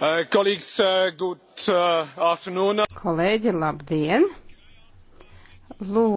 Uh, uh, good, uh, Kolēģi, labdien! Lūd